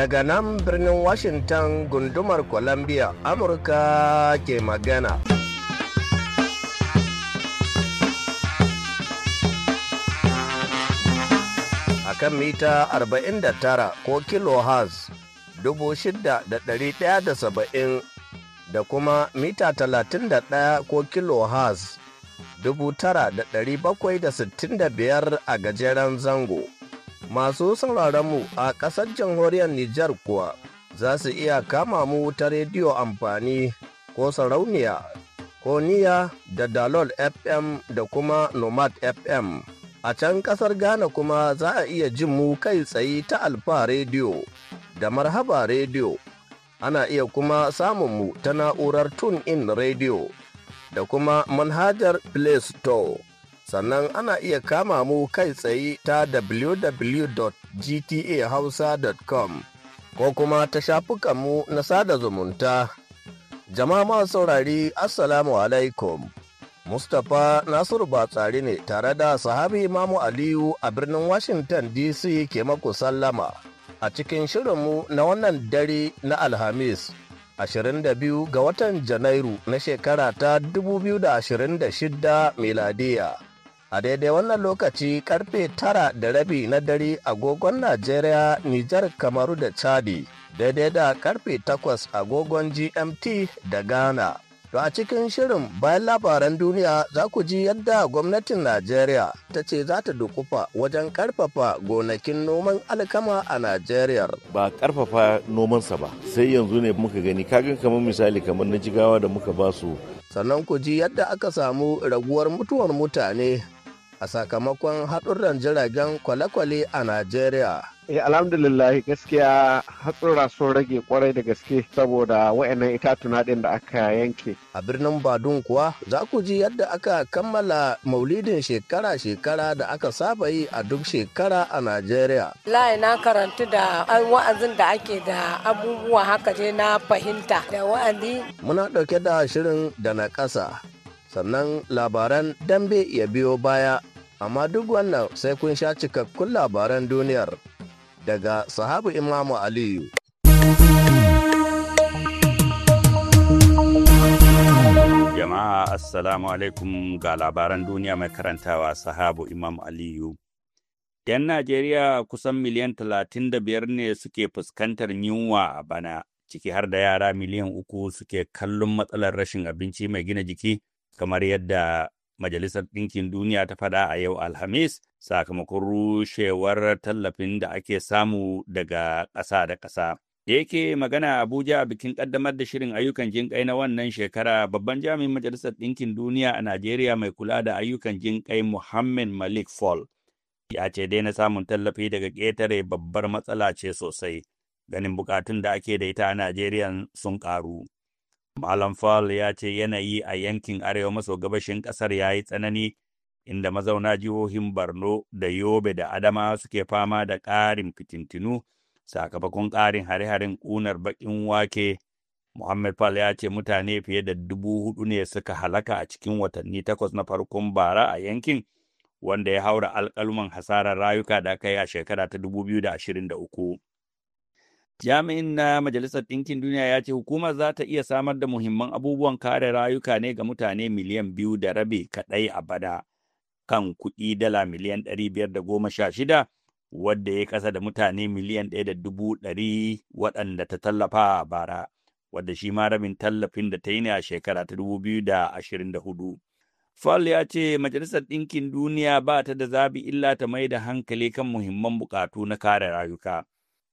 daga nan birnin washington gundumar columbia amurka ke magana a kan mita 49 ko kilohertz 6,170 da kuma mita 31 ko kilohertz 9,765 a gajeren zango Masu mu a ƙasar jamhuriyar Nijar kuwa za su iya kama mu ta rediyo amfani ko sarauniya ko niya da dalol FM da kuma nomad FM. A can ƙasar Ghana kuma za a iya jin mu kai tsaye ta Alfa rediyo da Marhaba rediyo. Ana iya kuma samun mu ta na'urar Tune In rediyo da kuma manhajar Play Store. sannan ana iya kama mu kai tsaye ta www.gtahausa.com ko kuma ta shafukanmu na sada zumunta. Jama'a masu saurari Assalamu alaikum. Mustapha Nasiru Batsari ne tare da sahabi Imamu Aliyu a birnin Washington DC ke maku sallama a cikin shirinmu na wannan dare na Alhamis. 22 ga watan Janairu na shekara ta 2026 miladiya. a daidai wannan lokaci karfe tara da rabi na dare agogon najeriya nijar kamaru da chadi daidai da karfe takwas agogon gmt da ghana to a cikin shirin bayan labaran duniya za ku ji yadda gwamnatin najeriya ta ce za ta dukufa wajen karfafa gonakin noman alkama a najeriya ba karfafa nomansa ba sai yanzu ne muka gani kagan kamar misali kamar na jigawa da muka basu sannan ku ji yadda aka samu raguwar mutuwar mutane a sakamakon haɗurran jiragen kwale-kwale a Najeriya. Eh alhamdulillah gaskiya hatsura sun rage kwarai da gaske saboda wa'annan itatuna ɗin da aka yanke. A birnin Badun kuwa za ku ji yadda aka kammala maulidin shekara-shekara da aka saba yi a duk shekara a Najeriya. Lai na karantu da wa'azin da ake da abubuwa haka je na fahimta da wa'azi. Muna ɗauke da shirin da na ƙasa. sannan labaran dambe ya biyo baya amma duk wannan sai kun sha cikakkun labaran duniyar daga sahabu imamu aliyu jama'a assalamu alaikum ga labaran duniya mai karantawa sahabu imam aliyu yan najeriya kusan miliyan 35 ne suke fuskantar yunwa a bana ciki har da yara miliyan uku suke kallon matsalar rashin abinci mai gina jiki kamar yadda Majalisar Ɗinkin Duniya ta faɗa a yau Alhamis sakamakon rushewar tallafin da ake samu daga ƙasa da ƙasa. Da yake magana Abuja a bikin ƙaddamar da shirin ayyukan jinƙai na wannan shekara babban jami'in Majalisar Ɗinkin Duniya a Najeriya mai kula da ayyukan jinƙai Muhammad Malik Fall ya ce na samun tallafi daga ƙetare babbar matsala ce sosai ganin bukatun da ake da ita a Najeriya sun ƙaru. Malam Fall ya ce yanayi a yankin arewa maso gabashin ƙasar ya yi tsanani inda mazauna jihohin Borno da Yobe da Adama suke fama da ƙarin fitintinu sakamakon ƙarin hare-haren ƙunar baƙin wake. Muhammad Fall ya ce mutane fiye da dubu hudu ne suka halaka a cikin watanni takwas na farkon bara a yankin wanda ya haura alƙaluman hasarar rayuka da aka yi a shekara ta 2023. Jami'in na Majalisar Ɗinkin Duniya ya ce hukumar za ta iya samar da muhimman abubuwan kare rayuka ne ga mutane miliyan biyu da rabe kaɗai a bada kan kuɗi dala miliyan ɗari biyar da goma sha shida wadda ya kasa da mutane miliyan ɗaya da dubu ɗari waɗanda ta tallafa a bara wadda shi ma rabin tallafin da ta yi ne a shekara ta dubu biyu da ashirin da hudu. Fall ya ce Majalisar Ɗinkin Duniya ba ta da zabi illa ta mai da hankali kan muhimman buƙatu na kare rayuka.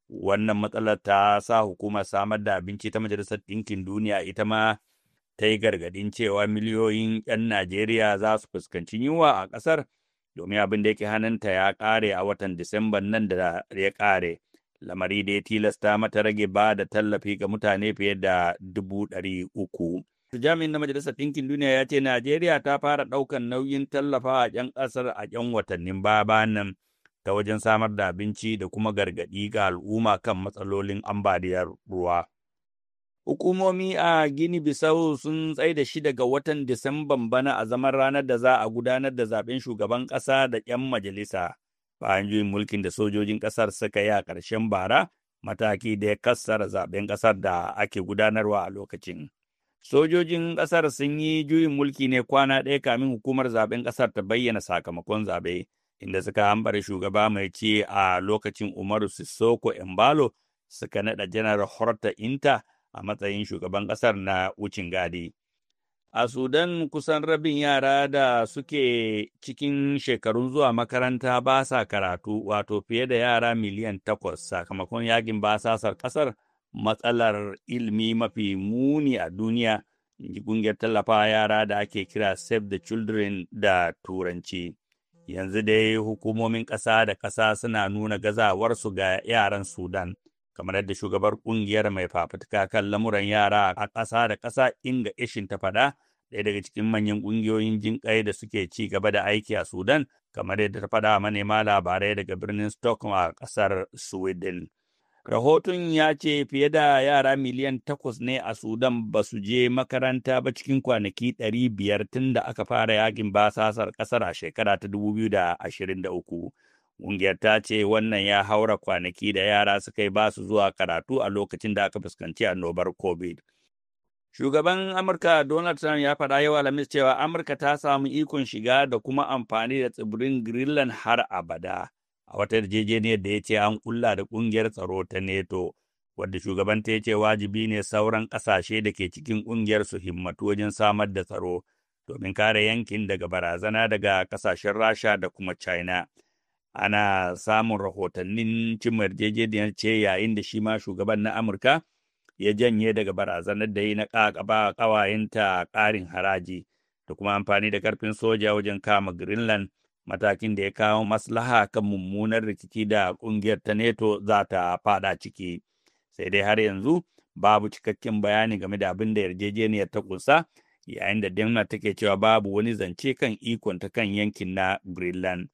Wannan matsalar ta sa hukumar samar da abinci ta Majalisar Ɗinkin Duniya ita ma ta yi gargaɗin cewa miliyoyin 'yan Najeriya za su fuskanci yunwa a ƙasar domin abin da yake hannunta ya ƙare a watan Disamban nan da ya ƙare. Lamari da ya tilasta mata rage ba da tallafi ga mutane fiye da dubu ɗari uku. Jami'in na Majalisar Ɗinkin Duniya ya ce Najeriya ta fara ɗaukan nauyin tallafa a 'yan ƙasar a 'yan watannin baya nan. ta wajen samar da abinci da kuma gargaɗi ga al'umma kan matsalolin ambaliyar ruwa. Hukumomi a Gini Bisau sun da shi daga watan Disamban bana a zaman ranar da za a gudanar da zaɓen shugaban ƙasa da 'yan majalisa. Bayan juyin mulkin da sojojin ƙasar suka yi a ƙarshen bara, mataki da ya kassara zaɓen ƙasar da ake gudanarwa a lokacin. Sojojin ƙasar sun yi juyin mulki ne kwana ɗaya kamin hukumar zaɓen ƙasar ta bayyana sakamakon zaɓe. inda suka hambara shugaba mai ci a lokacin Umaru Sissoko Embalo suka naɗa janar Horta Inta a matsayin shugaban ƙasar na wucin gadi. A Sudan kusan rabin yara da suke cikin shekarun zuwa makaranta ba sa karatu wato fiye da yara miliyan takwas sakamakon ba basasar ƙasar matsalar ilimi mafi muni a duniya, ji ƙungiyar tallafa yara da ake kira Save the Children da Turanci. yanzu dai hukumomin ƙasa da ƙasa suna nuna gazawarsu ga yaran Sudan, kamar yadda shugabar ƙungiyar mai fafutuka kan lamuran yara a ƙasa da ƙasa Inga Ishin ta faɗa, ɗaya daga cikin manyan ƙungiyoyin jinƙai da suke ci gaba da aiki a Sudan, kamar yadda ta faɗa manema labarai daga birnin Stockholm a ƙasar Sweden. Rahoton ya ce fiye da yara miliyan takwas ne a Sudan ba su je makaranta ba cikin kwanaki ɗari biyar tun da aka fara yakin basasar ƙasar a shekara ta 2023. Ƙungiyar ta ce wannan ya haura kwanaki da yara suka yi ba su zuwa karatu a lokacin da aka fuskanci annobar COVID. Shugaban Amurka Donald Trump ya faɗa yau Alhamis cewa Amurka ta samu ikon shiga da kuma amfani da tsibirin Greenland har abada. a wata yarjejeniyar da ya ce an kulla da ƙungiyar tsaro ta NATO, wadda shugabanta ya ce wajibi ne sauran ƙasashe da ke cikin ƙungiyar su himmatu wajen samar da tsaro domin kare yankin daga barazana daga ƙasashen Rasha da kuma China. Ana samun rahotannin cin yarjejeniyar ce yayin da shi ma shugaban na Amurka ya janye daga barazanar da yi na ƙaƙaba ƙawayenta ƙarin haraji da kuma amfani da ƙarfin soja wajen kama Greenland. matakin da ya kawo maslaha kan mummunar rikici da ƙungiyar ta neto za ta fada ciki sai dai har yanzu babu cikakken bayani game da abin da yarjejeniyar ta kusa yayin da demna take cewa babu wani zance kan ikon ta kan yankin na Greenland.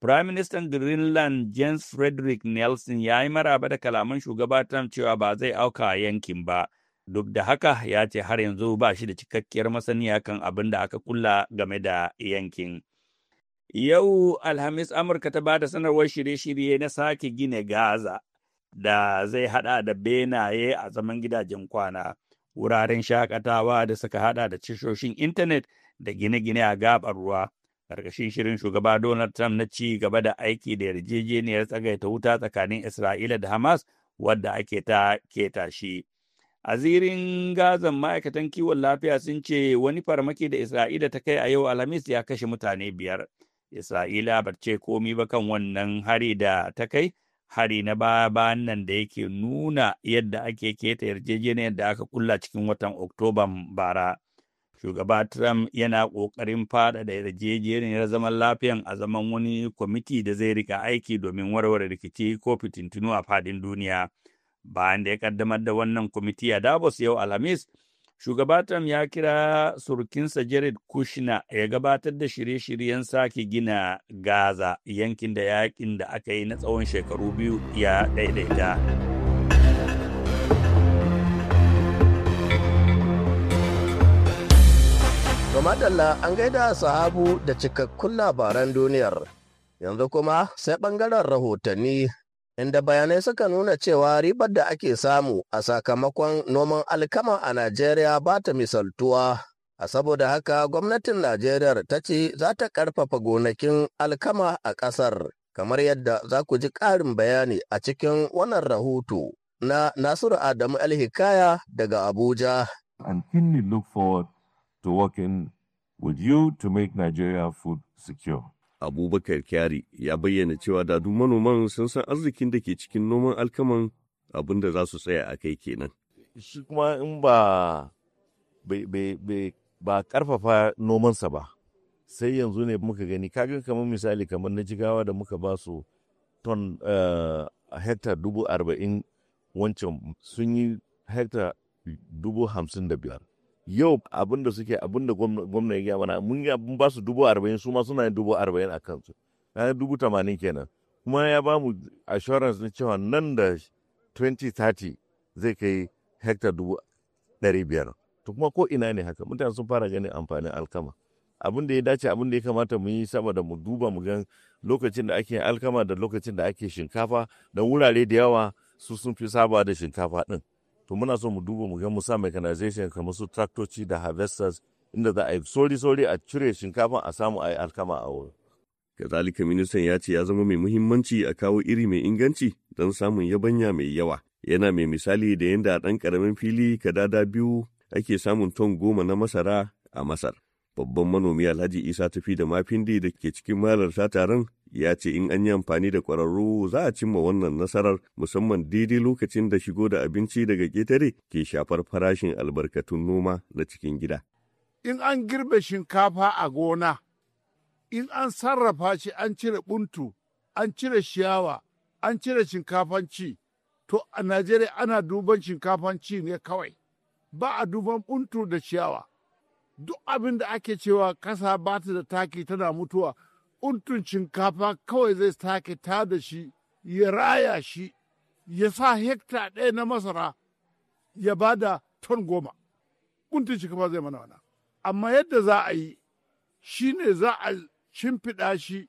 Prime Minister Greenland James Frederick Nelson ya yi maraba da kalaman shugaba cewa ba zai auka yankin ba. Duk da haka ya ce har yanzu ba shi da cikakkiyar masaniya kan abin da aka kulla game da yankin. Yau Alhamis Amurka ta ba da sanarwar shirye-shirye na sake gina Gaza da zai haɗa da benaye a zaman gidajen kwana, wuraren shakatawa da suka haɗa da cishoshin intanet da gine-gine a gabar ruwa. Karkashin shirin shugaba Donald Trump na ci gaba da aiki da yarjejeniyar tsagaita wuta tsakanin Isra'ila da Hamas wadda ake ta keta shi. A zirin gazan ma'aikatan kiwon lafiya sun ce wani farmaki da Isra'ila ta kai a yau Alhamis ya kashe mutane biyar. Isra'ila ba komi ba kan wannan hari da ta kai, hari na baya bayan nan da yake nuna yadda ake keta yarjejeniyar da aka kulla cikin watan Oktoban bara. Shugaba Trump yana ƙoƙarin faɗaɗa yarjejeniyar zaman lafiyan a zaman wani kwamiti da zai rika aiki domin warware rikici ko fitintunu a fadin duniya. Bayan da ya ƙaddamar da wannan kwamiti a Davos yau Alhamis, Shugaba Trump ya kira surukinsa Jared Kushner ya gabatar da shirye-shiryen sake gina Gaza yankin da yakin da aka yi na tsawon shekaru biyu ya daidaita. Madalla an gaida sahabu da cikakkun labaran duniyar, yanzu kuma sai ɓangaren rahotanni inda bayanai suka nuna cewa ribar da ake samu a sakamakon noman alkama a Najeriya ba ta misaltuwa. A saboda haka gwamnatin Najeriya ta ce za ta ƙarfafa gonakin alkama a ƙasar, kamar yadda za ku ji ƙarin bayani a cikin wannan rahoto na Nasiru Adamu Alhikaya daga Abuja. And keenly look forward to working with you to make Nigeria food secure. Abubakar Kyari ya bayyana cewa da manoman sun san arzikin da ke cikin noman alkaman abin da za su tsaya a kai kenan. Shi kuma in ba ba karfafa nomansa ba sai yanzu ne muka gani kagan kamar misali kamar na jigawa da muka ba su ton eh, hektar dubu arba'in wancan sun yi hektar dubu hamsin da biyar yau abin da suke abin da gwamna ya gaya mana mun ya ba su dubu arba'in su ma suna yin dubu arba'in a kansu ya dubu tamanin kenan kuma ya ba mu assurance na cewa nan da 2030 zai kai hektar dubu ɗari biyar to kuma ko ina ne haka mutane sun fara ganin amfanin alkama abin da ya dace abin da ya kamata mu yi da mu duba mu gan lokacin da ake alkama da lokacin da ake shinkafa da wurare da yawa su sun fi saba da shinkafa ɗin. to muna so mu duba mu ga mu sa mechanization kamar su tractoci da harvesters inda za a yi sauri-sauri a cire shinkafa a samu a yi alkama a wurin. Kazalika ministan ya ce ya zama mai muhimmanci a kawo iri mai inganci don samun yabanya mai yawa. Yana mai misali da yadda a ɗan ƙaramin fili kadada biyu ake samun ton goma na masara a Masar. Babban manomi Alhaji Isa tafi da mafindi da ke cikin malarta taron ya ce in an yi amfani da ƙwararru za a cimma wannan nasarar musamman daidai lokacin da shigo da abinci daga ƙetare ke shafar farashin albarkatun noma na cikin gida. In an girbe shinkafa a gona, in an sarrafa shi an cire buntu, an cire shiyawa, an cire shinkafan ci, to a Najeriya ana duban shinkafan ci ne kawai, ba a duban buntu da ciyawa. Duk abin da ake cewa kasa ba ta da taki tana mutuwa Ƙuntun shinkafa kawai zai sake ta da shi ya raya shi ya sa hekta ɗaya na masara ya ba da ton goma kuntun shinkafa zai mana wana amma yadda za a yi shi ne za a shimfiɗa shi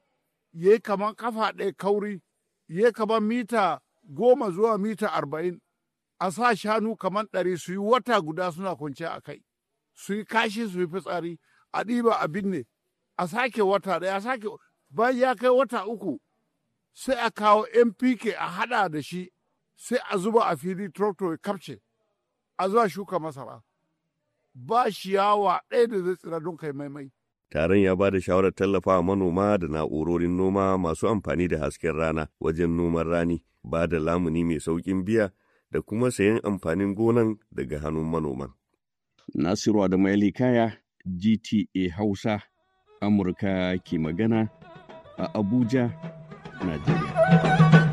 ya yi kamar kafa ɗaya kauri ya yi kamar mita goma zuwa mita arba'in a sa shanu kamar ɗari su yi wata guda suna kwanciya a kai su yi kashi su yi fitsari a ɗiba a binne a sake wata daya, a sake bayan ya kai wata uku sai a kawo mpk a hada da shi sai a zuba a fili tractor ya kapce a zuwa shuka masara ba shi yawa ɗaya da zai tsira don kai maimai taron ya ba da shawarar tallafawa manoma da na'urorin noma masu amfani da hasken rana wajen noman rani ba da lamuni mai sauƙin biya da kuma sayan amfanin gonan daga hannun manoman. Nasiru Adamu Kaya, GTA Hausa Amurka ke magana a Abuja, Najeriya.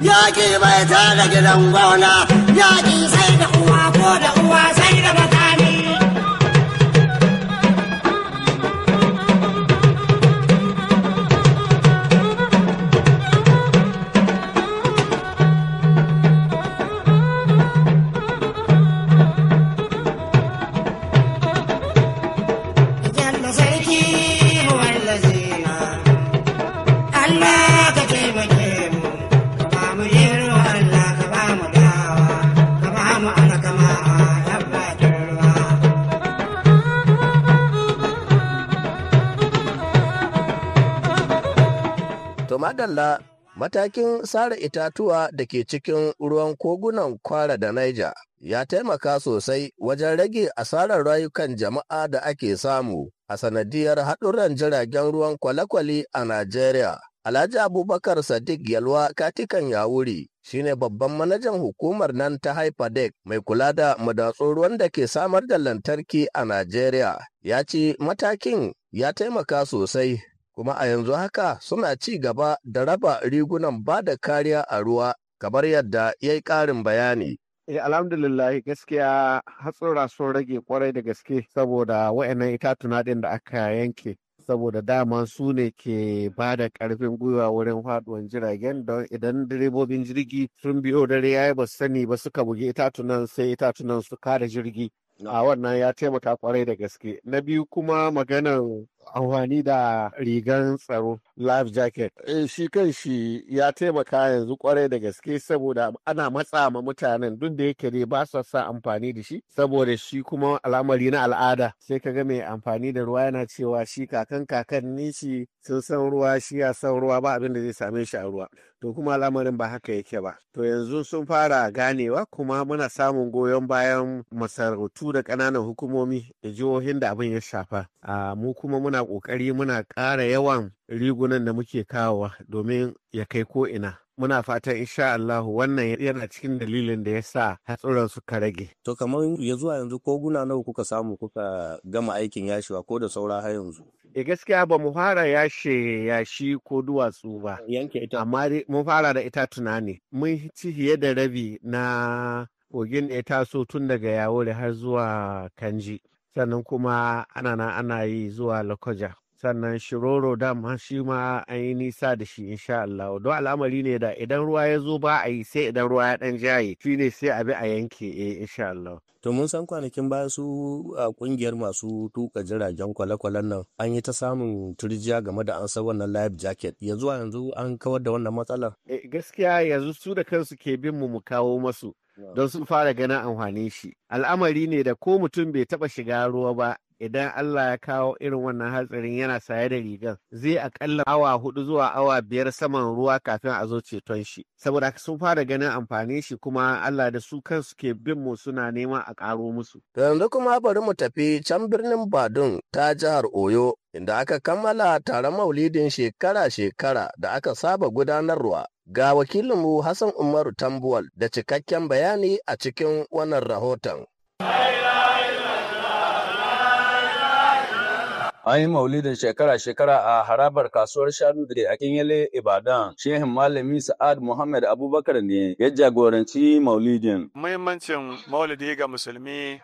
Yaƙi bai ta da gidan gona, yaƙi sai da uwa ko da uwa sai da mutane. madalla matakin sare itatuwa da ke cikin ruwan kogunan kwara da Niger ya taimaka sosai wajen rage asarar rayukan jama'a da ake samu a sanadiyar haɗurran jiragen ruwan kwale-kwale a Najeriya. Alhaji Abubakar Sadiq Yalwa Katikan Yawuri shine babban manajan hukumar nan ta Hyperdeck mai kula da madatsun ruwan da ke samar da lantarki a Najeriya. Ya ce matakin ya taimaka sosai kuma a yanzu haka suna ci gaba da raba rigunan ba da kariya a ruwa kamar yadda ya yi ƙarin bayani. Eh, alhamdulillah gaskiya hatsura sun rage kwarai da gaske saboda wa'annan itatuna ɗin da aka yanke saboda dama su ne ke ba da ƙarfin gwiwa wurin faɗuwan jiragen don idan direbobin jirgi sun biyo dare ya yi ba sani ba suka bugi itatunan sai itatunan su kada jirgi a wannan ya taimaka kwarai da gaske na biyu kuma maganar amfani da rigar tsaro life jacket eh, shi kan shi ya taimaka yanzu kwarai da gaske saboda ana matsa ma mutanen duk da yake dai ba su sa amfani da shi saboda shi kuma al'amari na al'ada sai kaga mai amfani da ruwa yana cewa shi kakan ni shi sun san ruwa shi ya san ruwa ba abin da zai same shi a ruwa to kuma al'amarin ba haka yake ba to yanzu sun fara ganewa kuma muna samun goyon bayan masarautu da kananan hukumomi da jihohin da abin ya shafa ah, mu kuma muna ƙoƙari muna ƙara yawan rigunan da muke kawowa domin ya kai ko ina. muna fatan insha Allah wannan yana cikin dalilin da ya sa hatsuran suka rage. To kamar ya zuwa yanzu ko guna nawa kuka samu kuka gama aikin yashewa ko da saura har yanzu? E gaskiya ba mu fara yashe yashi ko duwatsu ba. Yanke ita. Amma mun fara da ita tunani. Mun ci fiye da rabi na kogin ita, so tun daga yawore har zuwa kanji. sannan kuma ana nan ana yi zuwa lokoja sannan shiroro dam shi ma an yi nisa da shi insha Allah don al'amari ne da idan ruwa ya zo ba a yi sai idan ruwa ya dan jaye shi ne sai a bi a yanke eh insha Allah to mun san kwanakin baya su a kungiyar masu tuka jiragen kwale-kwalen nan an yi ta samun turjiya game da an san wannan life jacket yanzu a yanzu an kawar da wannan matsalar eh, gaskiya yanzu su da kansu ke bin mu mu kawo masu don sun fara ganin amfanin shi al'amari ne da ko mutum bai taba shiga ruwa ba idan Allah ya kawo irin wannan hatsarin yana saye da rigar zai akalla awa hudu zuwa awa biyar saman ruwa kafin a zo ceton shi saboda sun fara ganin amfanin shi kuma Allah da su kansu ke bin mu suna neman a karo musu yanzu kuma bari mu tafi can birnin Badun ta jihar Oyo inda aka kammala taron maulidin shekara-shekara da aka saba gudanarwa Ga wakilinmu Hassan Umaru Tambuwal da cikakken bayani a cikin wannan rahoton. An yi maulidin shekara-shekara a harabar kasuwar shanu da a yale Ibadan. Shehin Malami Sa'ad Muhammad Abubakar ne ya jagoranci maulidin. Muhimmancin maulidi ga musulmi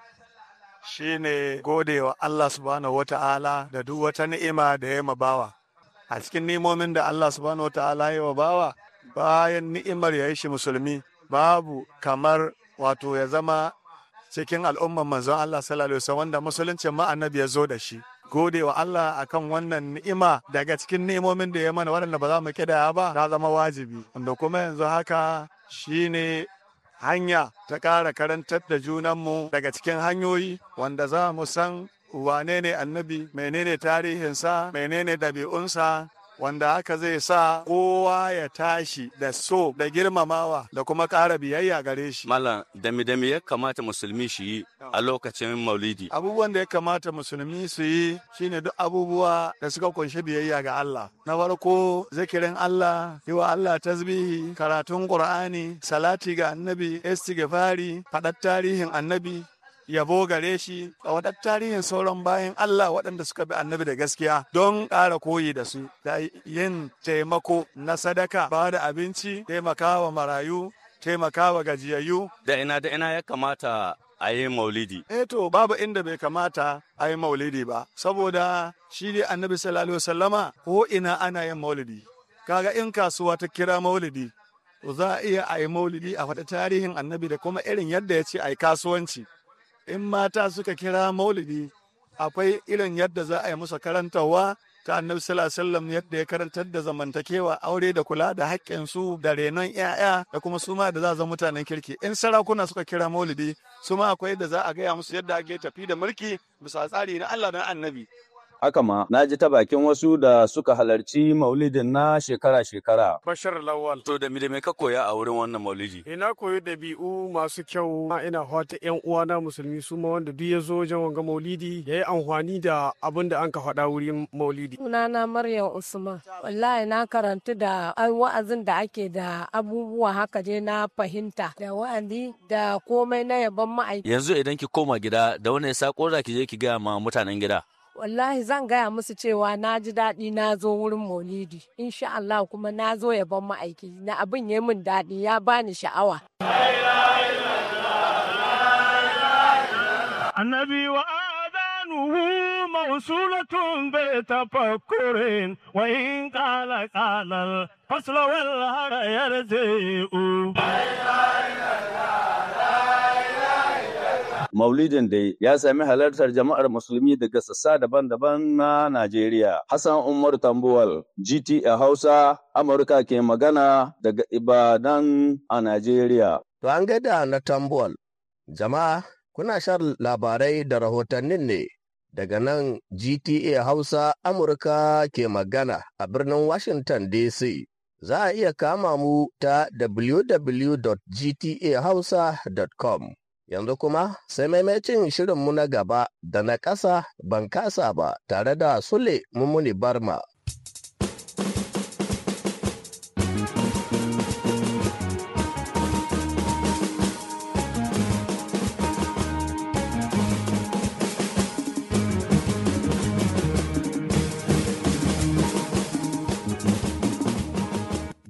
shine gode wa Allah subhanahu wa ta'ala da duk wata ni'ima da ya bawa. A cikin nimomin da Allah subhanahu wa ta'ala ya bawa bayan ni'imar ya yi shi musulmi babu kamar wato ya zama cikin al'ummar manzon Allah sallallahu alaihi wanda musuluncin ma annabi ya zo da shi gode wa Allah akan wannan ni'ima daga cikin ni'imomin da ya mana waɗanda ba za mu kidaya ba ta zama wajibi wanda kuma yanzu haka shine hanya ta ƙara karantar da junanmu daga cikin hanyoyi wanda za mu san wane ne annabi menene tarihinsa menene ɗabi'unsa wanda haka zai sa kowa ya tashi da so da girmamawa da kuma ƙara biyayya gare shi. Malam dami dami ya kamata musulmi shi yi a lokacin maulidi. Abubuwan da ya kamata musulmi su yi shine duk abubuwa da suka kunshi biyayya ga Allah. Na farko zikirin Allah, yi wa Allah tasbihi, karatun Qur'ani, salati ga annabi, istighfari, faɗar tarihin annabi, yabo gare shi tsawadar tarihin sauran bayan Allah waɗanda suka bi annabi da gaskiya don ƙara koyi da su da yin taimako na sadaka ba da abinci taimakawa marayu taimakawa gajiyayyu da ina da ina ya kamata a yi maulidi. Eh to babu inda bai kamata a yi maulidi ba saboda shi ne annabi sallallahu alaihi ko ina ana yin maulidi kaga in kasuwa ta kira maulidi za a iya a yi maulidi a wata tarihin annabi da kuma irin yadda ya ce a yi kasuwanci in mata suka kira maulidi akwai irin yadda za a yi musu karantarwa ta annabi sallallahu yadda ya karantar da zamantakewa aure da kula da su, da renon 'ya'ya da kuma suma da za a zama mutanen kirki in sarakuna suka kira maulidi suma akwai da za a gaya musu yadda ake tafi da mulki bisa tsari na Allah na annabi Haka ma, na ji ta bakin wasu da suka halarci maulidin na shekara-shekara. Bashar Lawal. To da mi da ka koya a wurin wannan maulidi? Ina koyi dabi'u masu kyau, ina hota 'yan uwana musulmi su ma wanda duk ya zo wajen wanga maulidi ya yi amfani da abin da an ka faɗa wurin maulidi. Sunana Maryam Usman. Wallahi na karanta da wa'azin da ake da abubuwa haka je na fahimta da wa'azi da komai na yaban ma'aikata. Yanzu idan ki koma gida da wani sako za ki je ki gaya ma mutanen gida. wallahi zan gaya musu cewa na ji daɗi na zo wurin maulidi insha Allah kuma na zo yabon ma'aiki na abin ya min daɗi ya bani sha'awa annabi wa adanuhu موصولة بتفكر وإن قال قال الفصل والهر يرجئ لا maulidin dai ya sami halartar jama'ar musulmi daga sassa daban-daban na Najeriya. Hassan Umar Tambuwal, GTA Hausa, Amurka ke magana daga Ibadan a Najeriya. To an gaida na Tambuwal. Jama'a, kuna shan labarai da rahotannin ne daga nan GTA Hausa Amurka ke magana a birnin Washington DC. Za a iya kama mu ta www.gtahausa.com. Yanzu kuma sai maimacin shirinmu na gaba da na ƙasa ban kasa ba tare da Sule Mummuni Barma.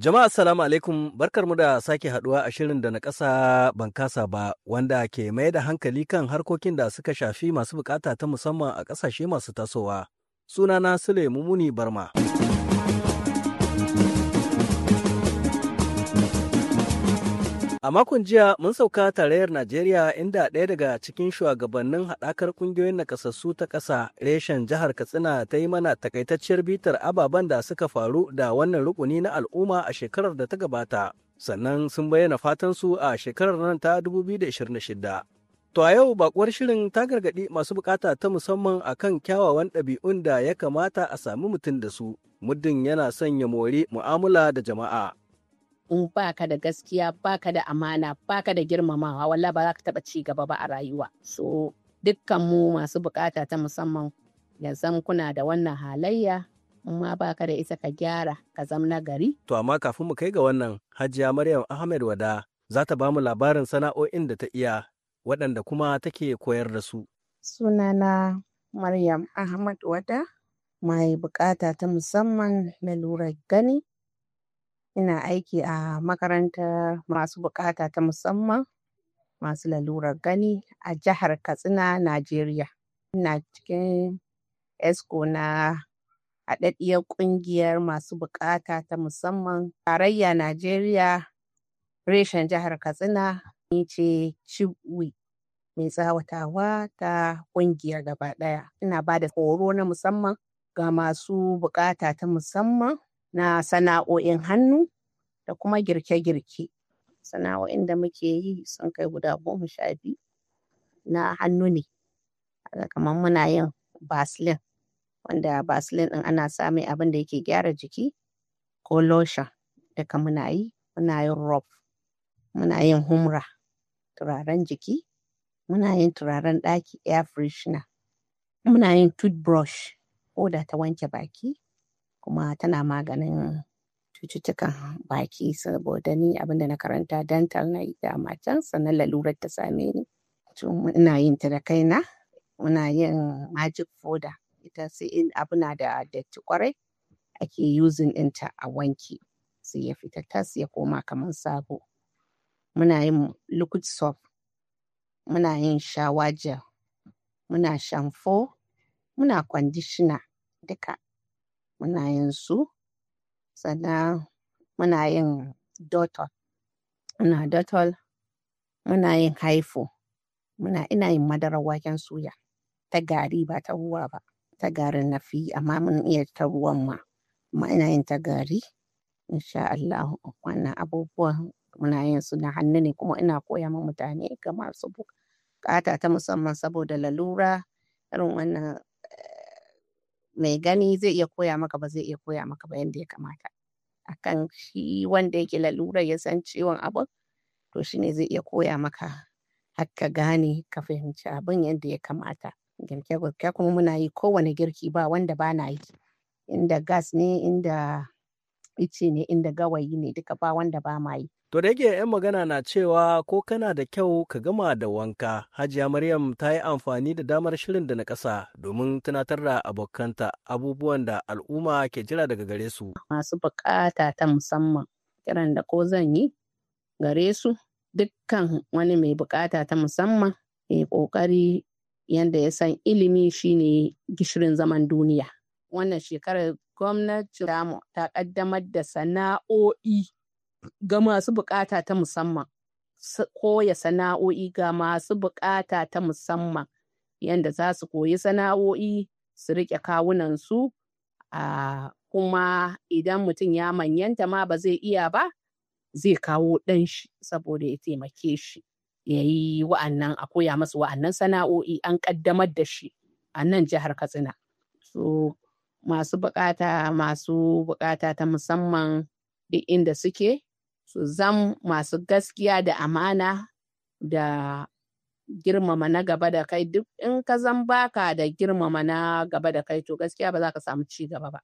Jama'a salamu alaikum barkarmu da sake haduwa a shirin da na kasa ban kasa ba wanda ke mai da hankali kan harkokin da suka shafi masu bukata ta musamman a ƙasashe masu tasowa. Sunana Sule Mumuni Barma. A makon jiya mun sauka tarayyar Najeriya inda ɗaya daga cikin shugabannin haɗakar ƙungiyoyin nakasassu ta ƙasa reshen jihar Katsina ta yi mana takaitacciyar bitar ababen da suka faru da wannan rukuni na al'umma a shekarar da ta gabata. Sannan sun bayyana fatan su a shekarar nan ta 2026. To a yau bakuwar shirin ta gargaɗi masu bukata ta musamman a kan kyawawan ɗabi'un da ya kamata a sami mutum da su, muddin yana sanya mori mu'amala da jama'a. in baka da gaskiya baka da amana baka da girmamawa walla ba za ka taba ci gaba ba a rayuwa so dukkan mu masu bukata ta musamman ya kuna da wannan halayya in ma baka da ita ka gyara ka zam na gari to amma kafin mu kai ga wannan hajiya maryam ahmed wada za ta bamu labarin sana'o'in da ta iya waɗanda kuma take koyar da su sunana maryam ahmad wada mai bukata ta musamman na lura gani Ina aiki a makarantar masu buƙata ta musamman, masu lalurar gani a jihar Katsina, Najeriya. Ina cikin ESCO na haɗaɗɗiyar ƙungiyar masu buƙata ta musamman tarayya Najeriya, reshen jihar Katsina. Ni ce Chibwi mai tsawatawa ta ƙungiyar gaba ɗaya. Ina ba da horo na musamman ga masu buƙata ta musamman. na sana'o'in hannu da kuma girke-girke. Sana'o'in da muke yi sun kai guda goma sha biyu na hannu ne. Kamar muna yin baslin wanda baslin ɗin ana sa mai abin da yake gyara jiki ko lotion duka muna yi. Muna yin rob, muna yin humra, turaren jiki, muna yin turaren ɗaki air freshener, muna yin toothbrush, da ta wanke baki. kuma tana maganin cututtukan baki saboda ni abinda na karanta dental na yi da matan sannan lalurar ta same ni ina yin ta da kaina muna yin magic foda ita sai in abu na da datti kwarai ake using ɗinta a wanki sai ya fita tas ya koma kamar sabo muna yin liquid soap muna yin shawa muna shamfo muna kwandishina duka muna yin su sannan muna yin dotol muna dotol muna yin haifo muna ina yin madarar waken suya ta gari ba ta ruwa ba ta garin na fi amma mun iya ta ruwan ma amma ina yin ta gari insha Allah wannan abubuwan muna yin su na hannu ne kuma ina koya ma mutane ga masu bukata ta musamman saboda lalura irin wannan mai gani zai iya koya maka ba zai iya koya maka ba yadda ya kamata akan shi wanda yake lalura ya san ciwon abin to shi ne zai iya koya maka har ka gane ka fahimci abin yadda ya kamata girke-girke kuma muna yi kowane girki ba wanda ba na yi inda gas ne inda ice ne inda gawayi ne duka ba wanda ba ma yi. To da yake 'yan magana na cewa ko kana da kyau ka gama da wanka, Hajiya Maryam ta yi amfani da damar shirin da na ƙasa domin tunatar da abokanta abubuwan da al'umma ke jira daga gare su. Masu bukata ta musamman kiran da ko zan yi gare su dukkan wani mai bukata ta musamman ya ƙoƙari yanda ya san ilimi shine gishirin zaman duniya. Wannan shekarar gwamnatin ta ƙaddamar da sana'o'i ga masu buƙata ta musamman. Koya sana'o'i ga masu buƙata ta musamman yadda za su koyi sana'o'i su riƙe kawunansu a kuma idan mutum ya manyanta ma ba zai iya ba zai kawo ɗan shi saboda ya taimake shi yayi yi wa'annan a koya masu wa'annan sana'o'i an ƙaddamar da shi a nan jihar Katsina. So masu bukata masu bukata ta musamman duk inda suke su zam masu gaskiya da amana da girmama na gaba da kai duk in ka zan baka da girmama na gaba da kai to gaskiya ba za ka samu ci gaba ba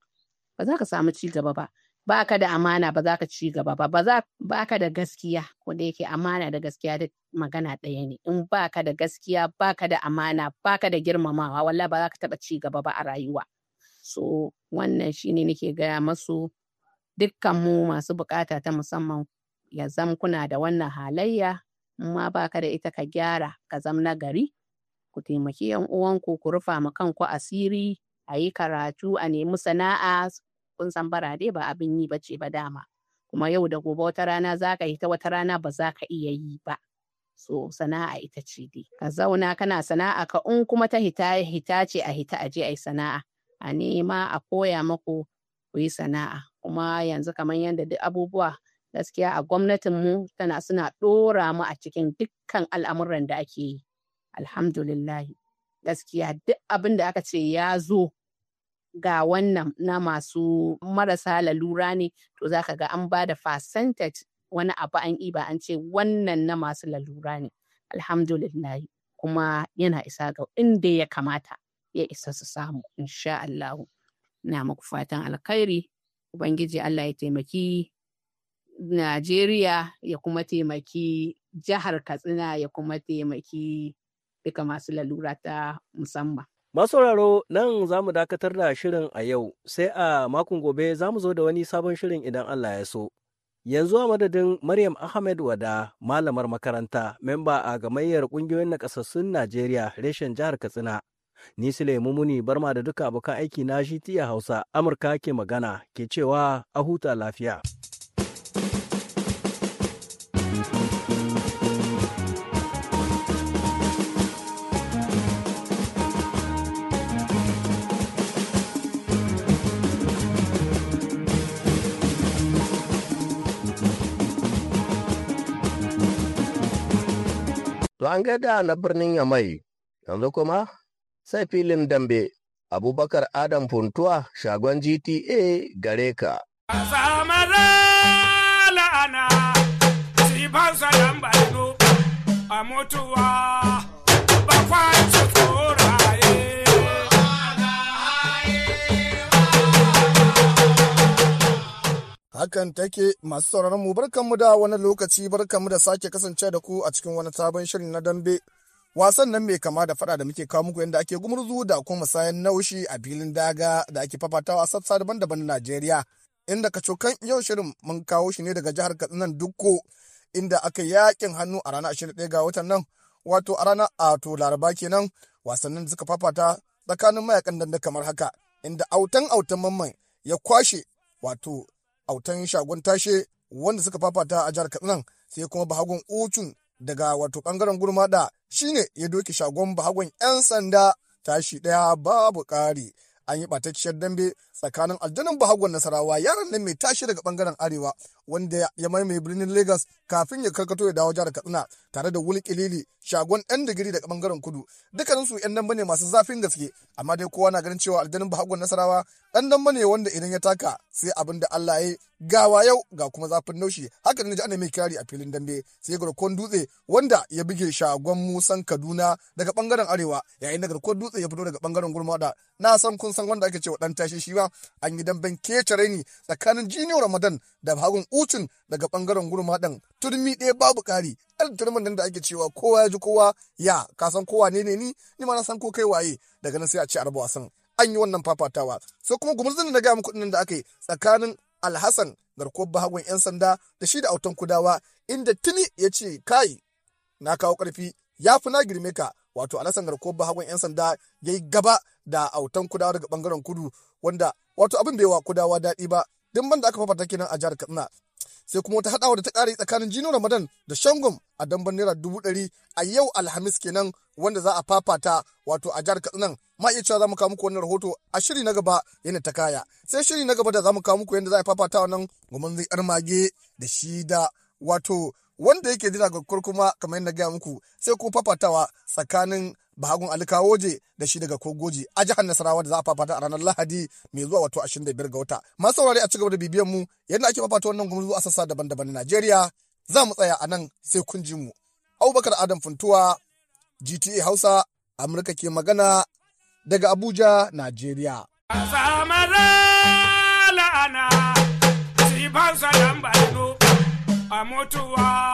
ba za ka samu ci gaba ba baka da amana ba za ka ci gaba ba ba za baka da gaskiya ko da yake amana da gaskiya da magana ɗaya ne in baka da gaskiya baka da amana baka da girmamawa wallahi ba za ka taba ci gaba ba a rayuwa So wannan shine nake gaya masu dukkan mu masu bukata ta musamman ya zam kuna da wannan halayya in ma ka da ita ka gyara ka zam na gari ku taimaki yan uwanku ku rufa ma kanku asiri a yi karatu a nemi sana'a kun san barade ba abin yi bace ba dama kuma yau da gobe wata rana za ka yi ta wata rana ba za ka iya yi ba so sana'a ita ce dai ka zauna kana sana'a ka in kuma ta hita hita ce a hita a yi sana'a a nema a koya maku ku yi sana'a kuma yanzu kamar yadda duk abubuwa gaskiya a gwamnatinmu tana suna ɗora mu a cikin dukkan al'amuran da ake yi alhamdulillahi gaskiya duk abin da aka ce ya zo ga wannan na masu marasa lalura ne to za ka ga an ba da percentage wani abu an ba an ce wannan na masu lalura ne alhamdulillahi kuma yana isa ga inda ya kamata ya isa su samu insha Allah na muku fatan alkhairi ubangiji Allah ya taimaki Najeriya ya kuma taimaki jihar Katsina ya kuma taimaki duka masu lalura ta musamman. Masauraro nan za mu dakatar da shirin a yau sai a makon gobe za mu zo da wani sabon shirin idan Allah ya so. Yanzu a madadin Maryam Ahmed Wada, malamar makaranta, memba a gamayyar ƙungiyoyin nakasassun Najeriya reshen jihar Katsina. Ni Sulaimu Muni Barma da duka abokan aiki na shi tiya Hausa Amurka ke magana ke cewa a huta lafiya. To an gaida na birnin Yamai, yanzu kuma sai filin dambe abubakar adam funtuwa shagon gta gare ka a mutuwa ba Hakan take masu sauraron mu barkanmu da wani lokaci barkanmu da sake kasance da ku a cikin wani sabon shirin na dambe wasan nan mai kama da fada da muke kawo muku yadda ake gumurzu da kuma musayan naushi a filin daga da ake fafatawa a sassa daban-daban na Najeriya inda kacokan yau shirin mun kawo shi ne daga jihar Katsina Dukko inda aka yakin hannu a ranar 21 ga watan nan wato a ranar ato Laraba kenan wasannin da suka fafata tsakanin mayakan danda kamar haka inda autan autan mamman ya kwashe wato autan shagon tashe wanda suka fafata a jihar Katsina sai kuma bahagun ucun daga wato ɓangaren shi ne ya doke shagon bahagon 'yan sanda tashi ɗaya babu ƙari an yi ɓatacciyar dambe tsakanin aljanin bahagwan nasarawa yaran nan mai tashi daga bangaren arewa wanda ya maimai birnin lagos kafin ya karkato ya dawo jihar katsina tare da wuli kilili shagon yan digiri daga bangaren kudu dukkaninsu yan damba ne masu zafin gaske amma dai kowa na ganin cewa aljanin bahagwan nasarawa dan damba ne wanda idan ya taka sai abin da allah ya yi gawa yau ga kuma zafin naushi haka ne ji ana mai kirari a filin dambe sai garkon dutse wanda ya buge shagon musan kaduna daga bangaren arewa yayin da garkon dutse ya fito daga bangaren gurmada na san kun san wanda ake cewa dan tashi shi ba an yi damben keca raini tsakanin jiniyo ramadan da hagun ucin daga bangaren gurma ɗan turmi ɗaya babu ƙari ɗan turmin nan da ake cewa kowa ya ji kowa ya ka san kowa ne ne ni ni ma na san ko kai waye daga nan sai a ce a wasan an yi wannan fafatawa sai kuma gumurzin na gaya muku kuɗin da aka yi tsakanin alhassan garkuwar bahagon 'yan sanda da shi da autan kudawa inda tuni ya ce kai na kawo ƙarfi ya fi na girme ka wato alasan ko hagun 'yan sanda ya yi gaba da autan kudawa daga bangaren kudu wanda wato abin bai wa kudawa daɗi ba ban da aka fafata kenan a jihar katsina sai kuma wata haɗawa da ta ƙare tsakanin jino ramadan da shangom a damban naira dubu ɗari a yau alhamis kenan wanda za a fafata wato a jihar Katsina ma iya cewa za mu kawo muku wannan rahoto a shiri na gaba yana ta kaya sai shiri na gaba da za mu kawo muku yadda za a fafata wannan gwamnati yar mage da shi da wato wanda yake jira ga kurkuma kamar yadda gaya muku sai kuma fafatawa tsakanin bahagun alkawoje da shi daga kogoji a jihar nasarawa da za a fafata a ranar lahadi mai zuwa wato 25 ga wata masu saurari a cigaba da bibiyan mu yadda ake fafata wannan gumurzu a sassa daban-daban na najeriya za mu tsaya a nan sai kun ji mu abubakar adam funtuwa gta hausa amurka ke magana daga abuja najeriya a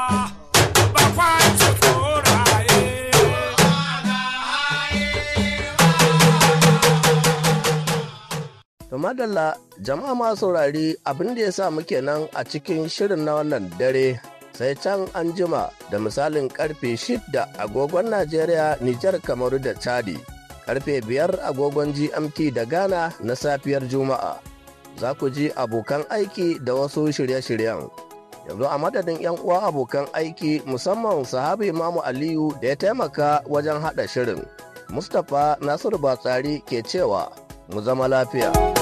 madalla jama'a ma saurari abin da ya sa muke nan a cikin shirin na wannan dare sai can an jima da misalin karfe shidda agogon najeriya nijar kamaru da chadi karfe biyar agogon gmt da ghana na safiyar juma'a za ku ji abokan aiki da wasu shirye-shiryen yanzu a madadin 'yan uwa abokan aiki musamman sahabi mamu aliyu da ya taimaka wajen haɗa shirin mustapha nasiru batsari ke cewa mu zama lafiya.